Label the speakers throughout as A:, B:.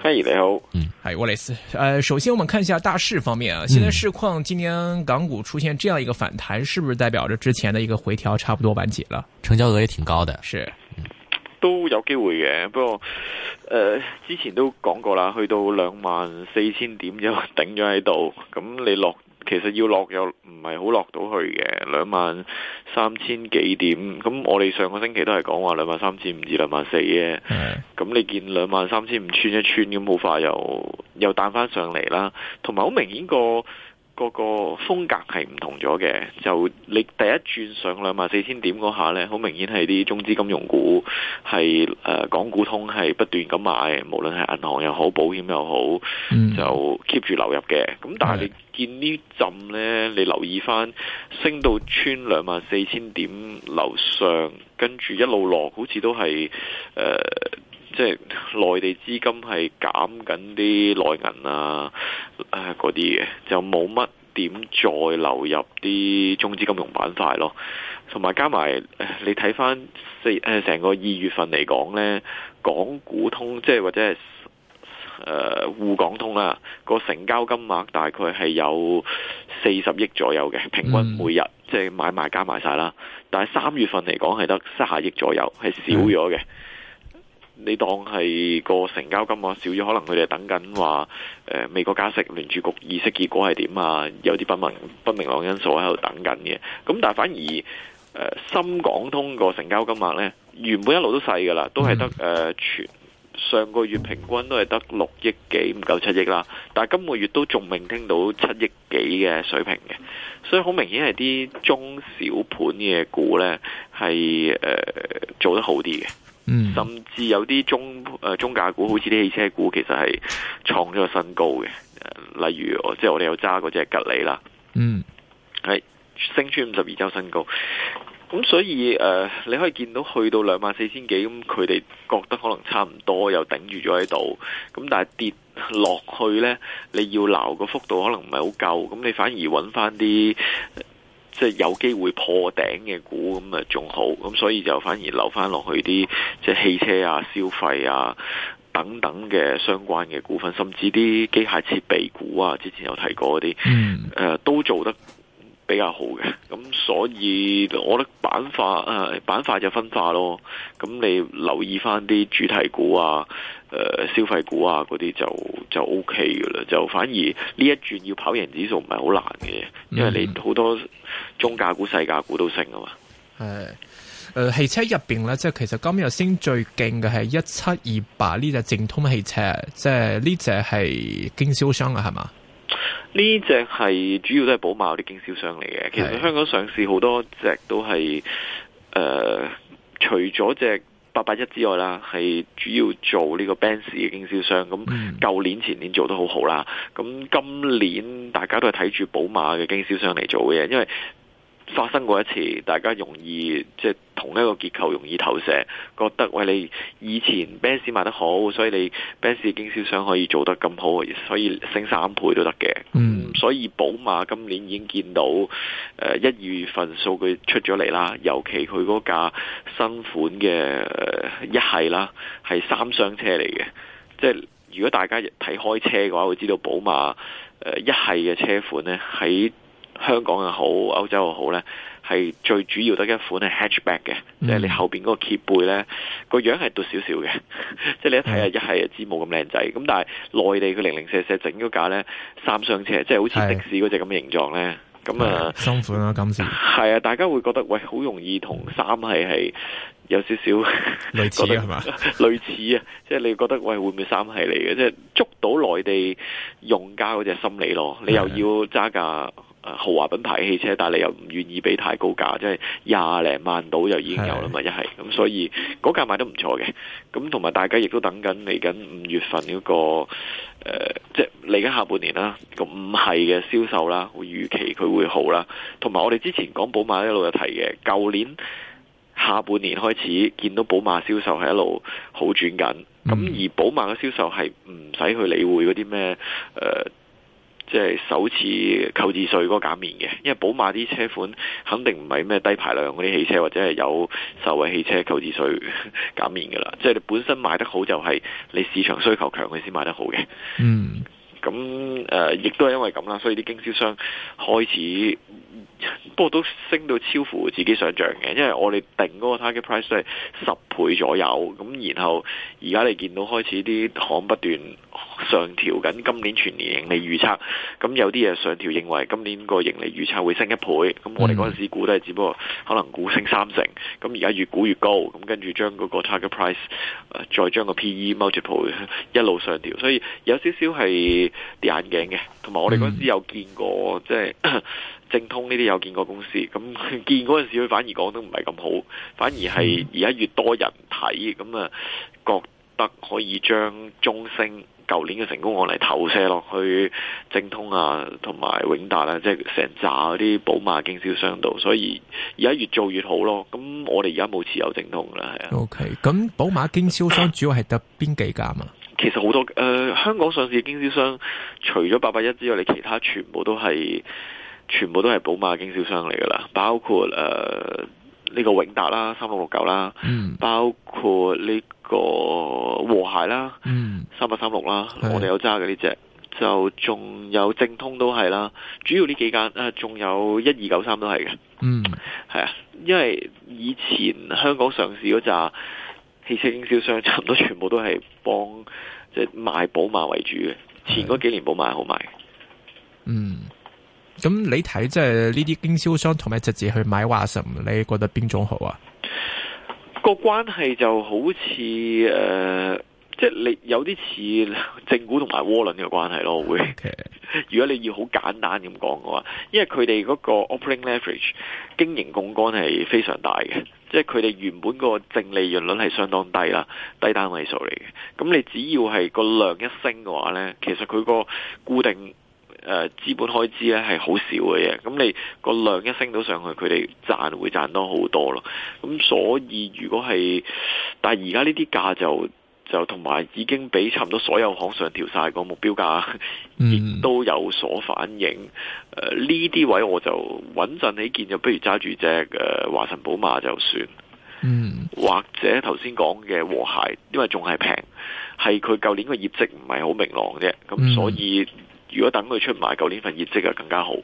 A: 嗨，你好。
B: 嗯，係，我李思。誒，首先我們看一下大市方面啊。現在市況，今天港股出現這樣一個反彈，是不是代表着之前的一個回調差不多完結了？成交額也挺高的。是。
A: 嗯、都有機會嘅，不過，誒、呃，之前都講過啦，去到兩萬四千點就頂咗喺度，咁你落。其實要落又唔係好落到去嘅。兩萬三千幾點，咁我哋上個星期都係講話兩萬三千五至兩萬四嘅。咁你見兩萬三千五穿一穿，咁好快又又彈翻上嚟啦，同埋好明顯個個個風格係唔同咗嘅，就你第一轉上兩萬四千點嗰下呢，好明顯係啲中資金融股係、呃、港股通係不斷咁買，無論係銀行又好，保險又好，嗯、就 keep 住流入嘅。咁但係你見呢陣呢，你留意返升到穿兩萬四千點樓上，跟住一路落，好似都係即係內地資金係減緊啲內銀啊，啊嗰啲嘢就冇乜點再流入啲中資金融板塊咯。同埋加埋、呃，你睇翻四誒成、呃、個二月份嚟講呢，港股通即係或者係誒滬港通啦、啊，個成交金額大概係有四十億左右嘅，平均每日、mm. 即係買賣加埋晒啦。但係三月份嚟講係得三十億左右，係少咗嘅。Mm. 你當係個成交金額少咗，可能佢哋等緊話，誒、呃，美國加息，聯儲局議息結果係點啊？有啲不明不明朗因素喺度等緊嘅。咁但係反而，誒、呃，深港通個成交金額呢，原本一路都細噶啦，都係得誒，全上個月平均都係得六億幾，唔夠七億啦。但係今個月都仲未聽到七億幾嘅水平嘅，所以好明顯係啲中小盤嘅股呢，係誒、呃、做得好啲嘅。嗯、甚至有啲中誒、呃、中價股，好似啲汽車股，其實係創咗個新高嘅，呃。例如即我即係我哋有揸嗰隻吉利啦，嗯，係升穿五十二周新高。咁所以誒、呃，你可以見到去到兩萬四千幾，咁佢哋覺得可能差唔多，又頂住咗喺度。咁但係跌落去呢，你要留個幅度可能唔係好夠，咁你反而揾翻啲。即係有機會破頂嘅股咁啊，仲好咁，所以就反而留翻落去啲即係汽車啊、消費啊等等嘅相關嘅股份，甚至啲機械設備股啊，之前有提過嗰啲，誒、嗯呃、都做得比較好嘅。咁所以我覺得板塊啊，板塊就分化咯。咁你留意翻啲主題股啊。誒、呃，消費股啊，嗰啲就就 O K 噶啦，就反而呢一轉要跑贏指數唔係好難嘅，嗯、因為你好多中價股、細價股都升啊嘛。
B: 係誒、呃，汽車入邊咧，即係其實今日先最勁嘅係一七二八呢隻正通汽車，即係呢隻係經銷商啦，係嘛？
A: 呢隻係主要都係寶馬啲經銷商嚟嘅。的其實香港上市好多隻都係誒、呃，除咗隻。八八一之外啦，係主要做呢個 Benz 嘅經銷商。咁舊年、前年做得好好啦。咁今年大家都係睇住寶馬嘅經銷商嚟做嘅，因為發生過一次，大家容易即係同一個結構容易投射，覺得喂，你以前 Benz 賣得好，所以你 Benz 經銷商可以做得咁好，所以升三倍都得嘅。嗯。所以寶馬今年已經見到誒、呃、一二月份數據出咗嚟啦，尤其佢嗰架新款嘅、呃、一系啦，係三廂車嚟嘅。即係如果大家睇開車嘅話，會知道寶馬誒、呃、一系嘅車款呢，喺香港又好，歐洲又好呢。係最主要得一款係 hatchback 嘅，即係你後邊嗰個揭背咧個樣係短少少嘅，即係你一睇啊，一係字冇咁靚仔。咁但係內地佢零零舍舍整嗰架咧三廂車，即係好似的士嗰隻咁嘅形狀咧，咁是啊，
B: 新款啦今次
A: 係啊，大家會覺得喂，好容易同三系係有少少類似係嘛？類似啊，即係你覺得喂會唔會三系嚟嘅？即係捉到內地用家嗰隻心理咯，你又要揸架。是 豪華品牌汽車，但係你又唔願意俾太高價，即係廿零萬到就已經有啦嘛，的一係咁，所以嗰價賣得唔錯嘅。咁同埋大家亦都等緊嚟緊五月份嗰個誒、呃，即係嚟緊下半年啦，咁五係嘅銷售啦，會預期佢會好啦。同埋我哋之前講寶馬一路有提嘅，舊年下半年開始見到寶馬銷售係一路好轉緊，咁、嗯、而寶馬嘅銷售係唔使去理會嗰啲咩誒。呃即係首次購置稅嗰個減免嘅，因為寶馬啲車款肯定唔係咩低排量嗰啲汽車，或者係有受惠汽車購置稅減免㗎啦。即係你本身賣得好，就係你市場需求強，佢先賣得好嘅。嗯。咁誒、呃，亦都係因為咁啦，所以啲經銷商開始，不過都升到超乎自己想象嘅。因為我哋定個 target price 都係十倍左右。咁然後而家你見到開始啲行不斷上調緊今年全年盈利預測，咁有啲嘢上調認為今年個盈利預測會升一倍。咁我哋嗰陣時估都係只不過可能股升三成。咁而家越估越高。咁跟住將嗰個 target price，呃、再將個 PE multiple 一路上調，所以有少少係。啲眼鏡嘅，同埋我哋嗰時有見過，嗯、即係正通呢啲有見過公司，咁見嗰陣時佢反而講得唔係咁好，反而係而家越多人睇，咁啊、嗯、覺得可以將中升舊年嘅成功案例投射落去正通啊，同埋永達啊，即係成扎嗰啲寶馬經銷商度，所以而家越做越好咯。咁我哋而家冇持有正通啦，係
B: 啊。O K，咁寶馬經銷商主要係得邊幾家嘛？
A: 其實好多誒、呃，香港上市嘅經銷商除咗八八一之外，你其他全部都係全部都係寶馬經銷商嚟㗎啦，包括誒呢、呃這個永達啦，三六六九啦，嗯、包括呢個和諧啦，三八三六啦，的我哋有揸嘅呢隻，就仲有正通都係啦，主要呢幾間，誒、呃，仲有一二九三都係嘅，嗯，係啊，因為以前香港上市嗰扎。汽車經銷商差唔多全部都係幫，即係賣寶馬為主嘅，前嗰幾年寶馬好賣。嗯，
B: 咁你睇，即係呢啲經銷商同埋直接去買華晨，你覺得邊種好啊？
A: 個關係就好似誒、呃，即係你有啲似正股同埋窩輪嘅關係咯，會。Okay. 如果你要好簡單咁講嘅話，因為佢哋嗰個 operating leverage 經營槓桿係非常大嘅，即係佢哋原本個淨利潤率係相當低啦，低單位數嚟嘅。咁你只要係個量一升嘅話呢，其實佢個固定誒資本開支咧係好少嘅嘢。咁你個量一升到上去，佢哋賺會賺多好多咯。咁所以如果係，但係而家呢啲價就。就同埋已經俾差唔多所有行上調晒個目標價，亦 都有所反映。誒呢啲位我就穩陣起見，就不如揸住隻誒華晨寶馬就算。嗯，或者頭先講嘅和諧，因為仲係平，係佢舊年個業績唔係好明朗啫。咁所以、嗯、如果等佢出埋舊年份業績啊，更加好。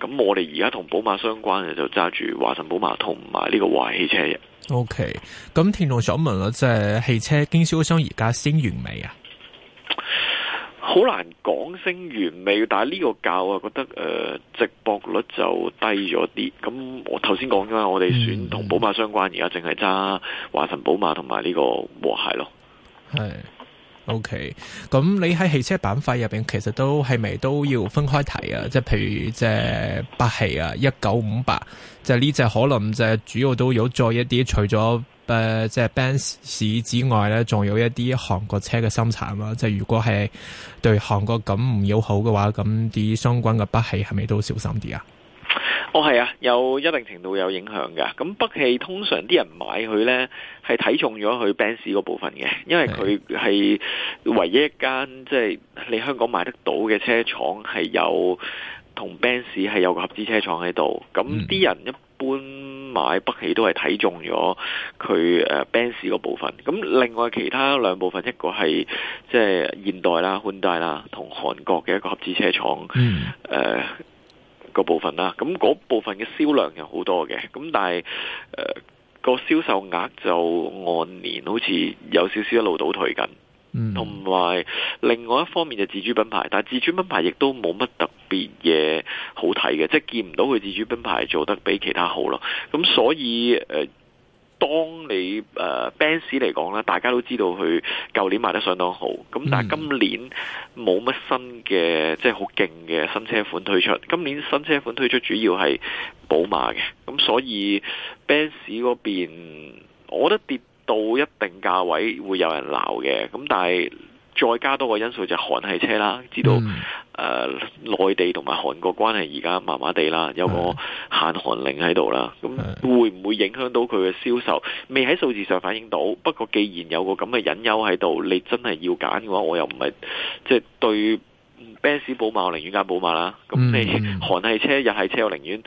A: 咁我哋而家同寶馬相關嘅就揸住華晨寶馬同埋呢個華汽車。
B: O K，咁聽眾想問啊，即係汽車經銷商而家升完未啊？
A: 好難講升完未，但係呢個價啊，覺得誒、呃、直播率就低咗啲。咁我頭先講咗，我哋選同寶馬相關，而家淨係揸華晨寶馬同埋呢個和諧咯，
B: 係。O K，咁你喺汽車板塊入邊，其實都係咪都要分開睇啊？即係譬如即係北汽啊，一九五八，即係呢隻可能即係主要都有做一啲，除咗誒、即係奔馳之外咧，仲有一啲韓國車嘅生產啦、啊。即係如果係對韓國咁唔友好嘅話，咁啲相關嘅北汽係咪都小心啲啊？
A: 哦，係啊，有一定程度有影響嘅。咁北汽通常啲人買佢呢，係睇中咗佢 Benz 個部分嘅，因為佢係唯一一間即係你香港買得到嘅車廠，係有同 Benz 係有個合資車廠喺度。咁啲人一般買北汽都係睇中咗佢誒 Benz 個部分。咁另外其他兩部分，一個係即係現代啦、Hyundai 啦，同韓國嘅一個合資車廠誒。嗯呃個部分啦，咁嗰部分嘅銷量又好多嘅，咁但係誒、呃個銷售額就按年好似有少少一路倒退緊，同埋、嗯、另外一方面就自主品牌，但係自主品牌亦都冇乜特別嘢好睇嘅，即係見唔到佢自主品牌做得比其他好咯，咁所以誒。呃當你誒 Benz 嚟講咧，大家都知道佢舊年賣得相當好，咁但係今年冇乜新嘅即係好勁嘅新車款推出。今年新車款推出主要係寶馬嘅，咁、嗯、所以 Benz 嗰邊，我覺得跌到一定價位會有人鬧嘅，咁但係。再加多個因素就韓系車啦，知道誒內、嗯呃、地同埋韓國關係而家麻麻地啦，有個限韓令喺度啦，咁、嗯、會唔會影響到佢嘅銷售？未喺數字上反映到，不過既然有個咁嘅隱憂喺度，你真係要揀嘅話，我又唔係即 b a 賓 s 寶馬，我寧願揀寶馬啦。咁你、嗯、韓系車、日系車，我寧願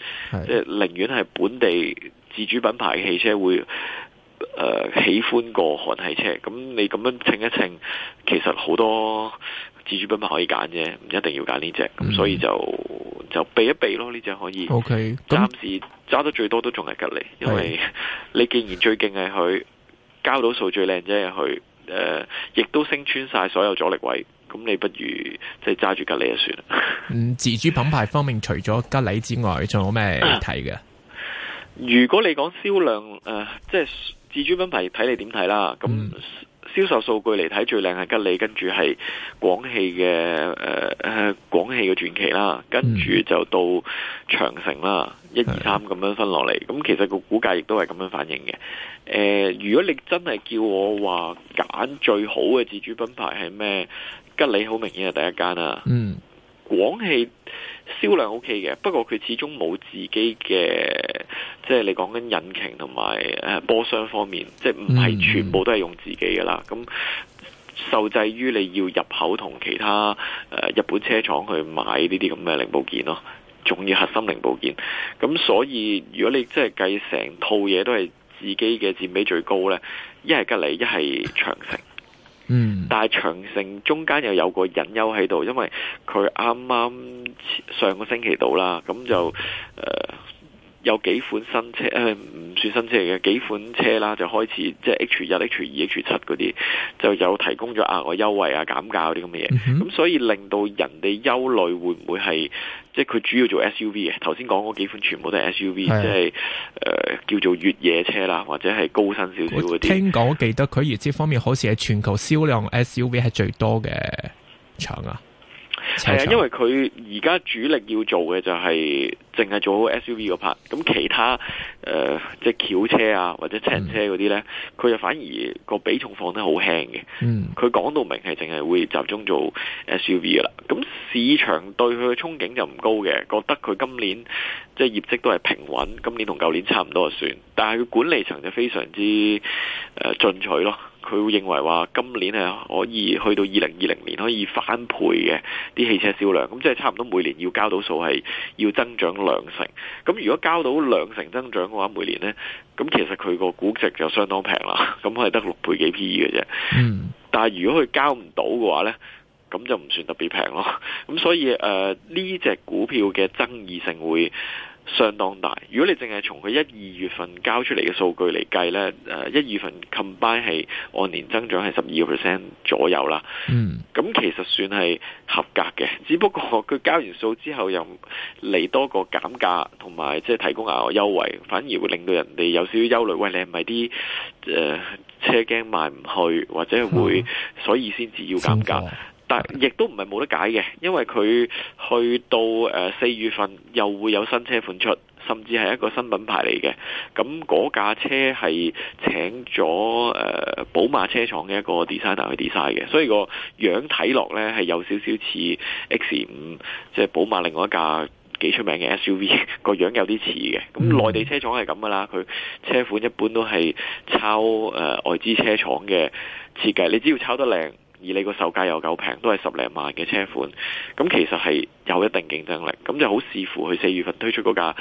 A: 即係寧願係本地自主品牌嘅汽車會。誒、呃，喜歡過韓系車，咁、嗯、你咁樣稱一稱，其實好多自主品牌可以揀啫，唔一定要揀呢隻，咁、嗯嗯、所以就就避一避咯，呢隻可以。
B: O K，暫
A: 時揸、嗯、得最多都仲係吉利，因為你既然最勁係佢交到數最靚啫，佢、呃、誒，亦都升穿晒所有阻力位，咁、嗯、你不如即係揸住吉利就算啦。 嗯，
B: 自主品牌方面除咗吉利之外，仲有咩睇嘅？
A: 如果你講銷量，誒、呃，即係。即自主品牌睇你點睇啦，咁銷售數據嚟睇，嗯、最靚係吉利，跟住係廣汽嘅誒誒廣汽嘅傳奇啦，跟住就到長城啦，一二三咁樣分落嚟，咁的其實個估價亦都係咁樣反映嘅。誒、呃，如果你真係叫我話揀最好嘅自主品牌係咩？吉利好明顯係第一間啊。嗯廣汽銷量 O K 嘅，不過佢始終冇自己嘅，即係你講緊引擎同埋誒波箱方面，即係唔係全部都係用自己噶啦。咁、嗯、受制於你要入口同其他、呃、日本車廠去買呢啲咁嘅零部件咯，仲要核心零部件。咁所以如果你即係計成套嘢都係自己嘅佔比最高呢，一係吉利，一係長城。嗯，但係長城中間又有個隱憂喺度，因為佢啱啱上個星期到啦，咁就誒。呃有幾款新車誒，唔、呃、算新車嚟嘅幾款車啦，就開始即係 H 一、H 二、H 七嗰啲，就有提供咗額外優惠啊、減價嗰啲咁嘅嘢。咁、嗯、哼所以令到人哋憂慮會唔會係即係佢主要做 SUV 嘅？頭先講嗰幾款全部都係 SUV，啊、即係誒、呃、叫做越野車啦，或者係高身少少啲。我聽
B: 講記得佢業績方面好似喺全球銷量 SUV 係最多嘅廠啊。係啊，因
A: 為佢而家主力要做嘅就係淨係做好 SUV 個 part，咁其他誒、呃、即係轎車啊或者輕車嗰啲咧，佢、嗯、就反而個比重放得好輕嘅。嗯，佢講到明係淨係會集中做 SUV 噶啦。咁市場對佢嘅憧憬就唔高嘅，覺得佢今年即係業績都係平穩，今年同舊年差唔多就算。但係佢管理層就非常之誒進取咯。佢會認為話今年係可以去到二零二零年可以翻倍嘅啲汽車銷量，咁即係差唔多每年要交到數係要增長兩成。咁如果交到兩成增長嘅話，每年呢，咁其實佢個估值就相當平啦。咁係得六倍幾 P 嘅啫。但係如果佢交唔到嘅話呢，咁就唔算特別平咯。咁所以誒，呢隻股票嘅爭議性會相當大。如果你淨係從佢一二月份交出嚟嘅數據嚟計呢，誒一二月份 combine 係按年增長係十二個 percent 左右啦。嗯，咁其實算係合格嘅。只不過佢交完數之後又嚟多個減價，同埋即係提供額外優惠，反而會令到人哋有少少憂慮。喂，你係咪啲誒車驚賣唔去，或者會、嗯、所以先至要減價？但亦都唔係冇得解嘅，因為佢去到誒四月份又會有新車款出，甚至係一個新品牌嚟嘅。咁架車係請咗誒寶馬車廠嘅一個 designer 去 design 嘅，所以個樣睇落咧係有少少似 X 五，即係寶馬另外一架幾出名嘅 SUV，個 樣有啲似嘅。咁內地車廠係咁噶啦，佢車款一般都係抄誒、呃、外資車廠嘅設計，你只要抄得靚。而你個售價又夠平，都係十零萬嘅車款，咁其實係有一定競爭力，咁就好視乎佢四月份推出嗰架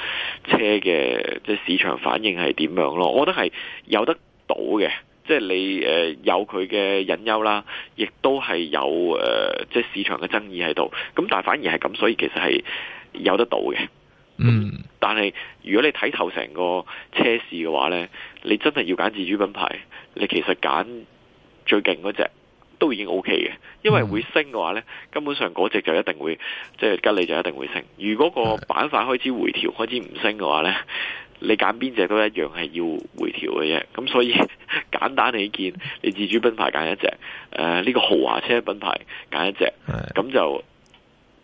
A: 車嘅即係市場反應係點樣咯。我覺得係有得到嘅，即係你誒有佢嘅隱憂啦，亦都係有誒即係市場嘅爭議喺度，咁但係反而係咁，所以其實係有得到嘅。嗯，但係如果你睇透成個車市嘅話呢，你真係要揀自主品牌，你其實揀最勁嗰隻。都已經 O K 嘅，因為會升嘅話呢，根本上嗰隻就一定會，即係吉利就一定會升。如果個板塊開始回調，開始唔升嘅話呢，你揀邊隻都一樣係要回調嘅啫。咁所以簡單你見，你自主品牌揀一隻，誒、呃、呢、呢個豪華車品牌揀一隻，咁就。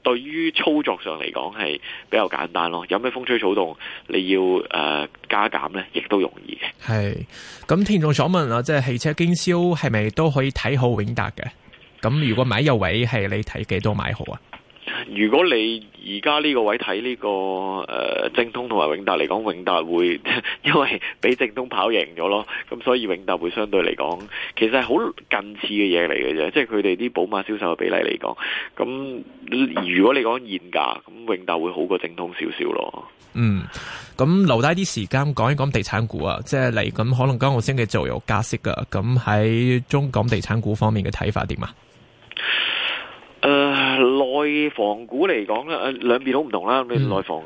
A: 對於操作上嚟講係比較簡單咯，有咩風吹草動，你要誒、呃、加減咧，亦都容易
B: 嘅。係咁，聽眾所問啊，即係汽車經銷係咪都可以睇好永達嘅？咁如果買入位係你睇幾多買好啊？
A: 如果你而家呢個位睇呢，這個誒、呃，正通同埋永達嚟講，永達會因為俾正通跑贏咗咯，咁所以永達會相對嚟講，其實係好近似嘅嘢嚟嘅啫。即係佢哋啲寶馬銷售嘅比例嚟講，咁如果你講現價，咁永達會好過正通少少咯。
B: 嗯，咁留低啲時間講一講地產股啊，即係嚟咁可能九號星期就有加息噶，咁喺中港地產股方面嘅睇法點啊？誒、
A: 呃。內房股嚟講咧，兩邊都唔同啦。你內、mm hmm. 房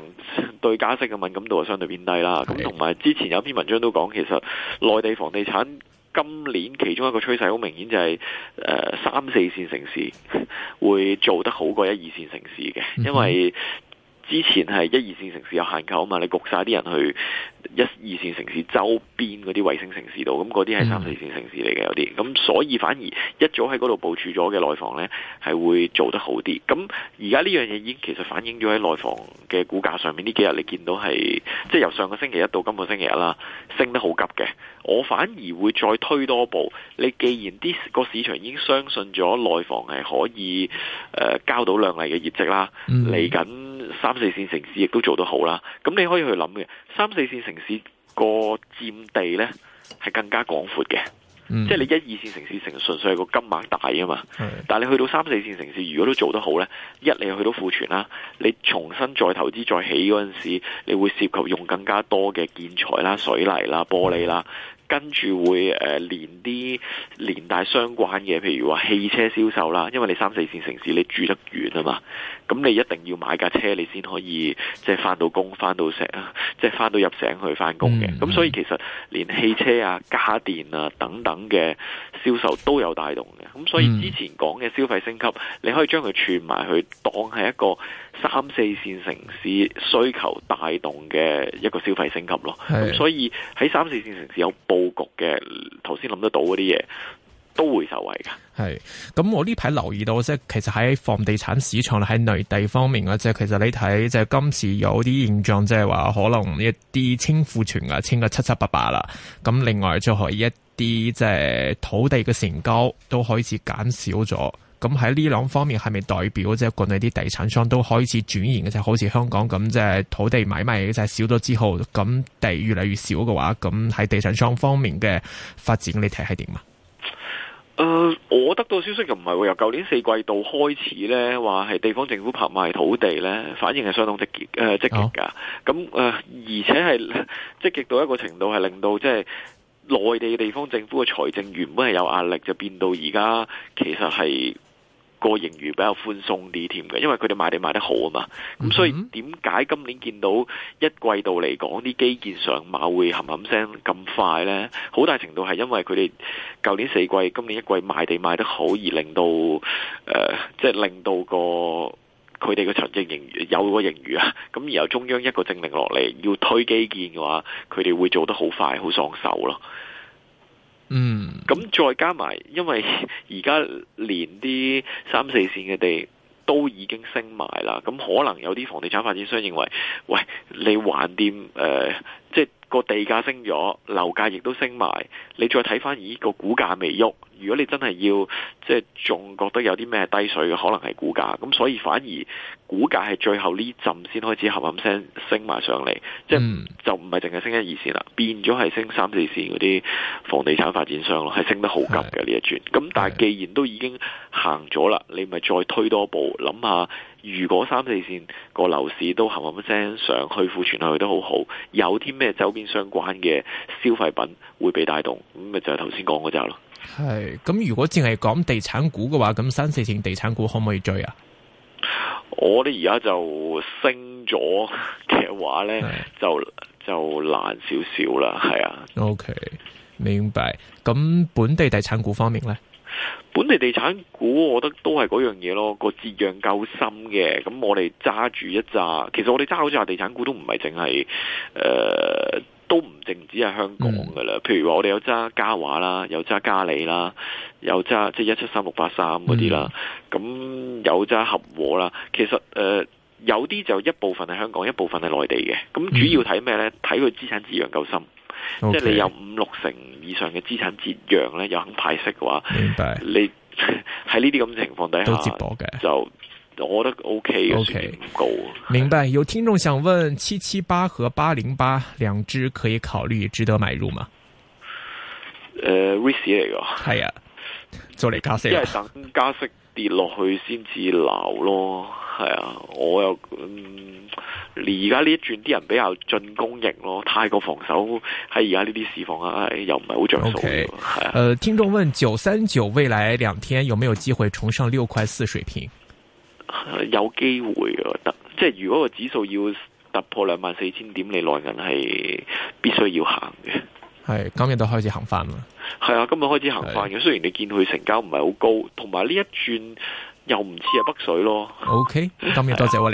A: 對加息嘅敏感度係相對偏低啦。咁同埋之前有篇文章都講，其實內地房地產今年其中一個趨勢好明顯就係、是呃，三四線城市會做得好過一二線城市嘅，因為。Mm hmm. 之前係一二線城市有限購啊嘛，你焗晒啲人去一二線城市周邊嗰啲衛星城市度，咁嗰啲係三四線城市嚟嘅有啲，咁所以反而一早喺嗰度部署咗嘅內房呢，係會做得好啲。咁而家呢樣嘢已經其實反映咗喺內房嘅股價上面，呢幾日你見到係即係由上個星期一到今個星期一啦，升得好急嘅。我反而會再推多步。你既然啲個市場已經相信咗內房係可以誒、呃、交到兩例嘅業績啦，嚟緊、嗯。三四線城市亦都做得好啦，咁你可以去諗嘅，三四線城市個占地呢係更加廣闊嘅，嗯、即係你一二線城市成純粹係個金額大啊嘛，是但係你去到三四線城市如果都做得好呢，一你去到庫存啦，你重新再投資再起嗰陣時，你會涉及用更加多嘅建材啦、水泥啦、玻璃啦。嗯嗯跟住會誒連啲連帶相關嘅，譬如話汽車銷售啦，因為你三四線城市你住得遠啊嘛，咁你一定要買架車，你先可以即係返到工、返到城、即係返到入城去返工嘅。咁、嗯、所以其實連汽車啊、家電啊等等嘅銷售都有帶動嘅。咁所以之前講嘅消費升級，你可以將佢串埋去當係一個。三四線城市需求帶動嘅一個消費升級咯，咁是的 所以喺三四線城市有佈局嘅頭先諗得到嗰啲嘢都會受惠㗎。
B: 係，咁我呢排留意到即係其實喺房地產市場喺內地方面嘅，即係其實你睇即係今次有啲現象，即係話可能一啲清庫存啊清得七七八八啦。咁另外就係一啲即係土地嘅成交都開始減少咗。咁喺呢兩方面係咪代表即係國內啲地產商都開始轉型嘅？就係好似香港咁，即係土地買賣嘅就係少咗之後，咁地越嚟越少嘅話，咁喺地產商方面嘅發展，你睇係點啊？誒、
A: 呃，我得到消息就唔係喎，由舊年四季度開始咧，話係地方政府拍賣土地咧，反應係相當積極誒，積極噶。咁誒、呃，而且係積極到一個程度，係令到即係內地嘅地方政府嘅財政原本係有壓力，就變到而家其實係。個盈餘比較寬鬆啲，添嘅，因為佢哋賣地賣得好啊嘛，咁所以點解今年見到一季度嚟講啲基建上馬會冚冚聲咁快呢？好大程度係因為佢哋舊年四季、今年一季賣地賣得好，而令到誒，即係令到個佢哋嘅財政盈餘有個盈餘啊，咁然後中央一個政令落嚟要推基建嘅話，佢哋會做得好快、好爽手咯。嗯，咁再加埋，因為而家連啲三四線嘅地都已經升埋啦，咁可能有啲房地產發展商認為，喂，你橫掂，誒、呃，即係個地價升咗，樓價亦都升埋，你再睇翻，咦，個股價未喐？如果你真係要，即係仲覺得有啲咩低水嘅，可能係股價，咁所以反而。估價係最後呢陣先開始含含聲升埋上嚟，即係就唔係淨係升一二線啦，變咗係升三四線嗰啲房地產發展商咯，係升得好急嘅呢一轉。咁是但係既然都已經行咗啦，你咪再推多步，諗下如果三四線個樓市都含含聲上去庫存去得好好，有啲咩周邊相關嘅消費品會被帶動，咁咪就係頭先講嗰隻咯。
B: 係咁，如果淨係講地產股嘅話，咁三四線地產股可唔可以追啊？
A: 我哋而家就升咗嘅話呢， 就就難少少啦，係啊。
B: OK，明白。咁本地地產股方面呢？
A: 本地地產股，我覺得都係嗰樣嘢咯，個折讓夠深嘅。咁我哋揸住一揸，其實我哋揸好似話地產股都唔係淨係誒。呃都唔淨止係香港嘅啦，譬如話我哋有揸嘉華啦，有揸嘉里啦，有揸即係一七三六八三嗰啲啦，咁、嗯、有揸合和啦。其實誒、呃、有啲就一部分係香港，一部分係內地嘅。咁主要睇咩咧？睇佢、嗯、資產折讓夠深，
B: 即係 Okay, 你有
A: 五六成以上嘅資產折讓咧，又肯派息嘅話，白你喺呢啲咁嘅情況底下都接波嘅就。我覺得 OK o k 唔高。
B: Okay, 的明白，有聽眾想問：七七八和八零八兩支可以考慮，值得買入嗎？誒，risk 嚟噶，係啊，就嚟加息，一係的等
A: 加息跌落去先至流咯。係啊，我又，而家呢一轉啲人比較進攻型咯，太過防守喺而家呢啲市況啊，又唔係好着數。誒、呃，
B: 聽眾問：九三九未來兩天有冇有機會重上六塊四水平？
A: 有機會我覺得，即係如果個指數要突破兩萬四千點，你內銀係必須要行嘅。
B: 係今日都開始行翻啦，
A: 係啊，今日開始行翻嘅。的雖然你見佢成交唔係好高，同埋呢一轉又唔似係北水咯。
B: OK，今日多謝我嚟。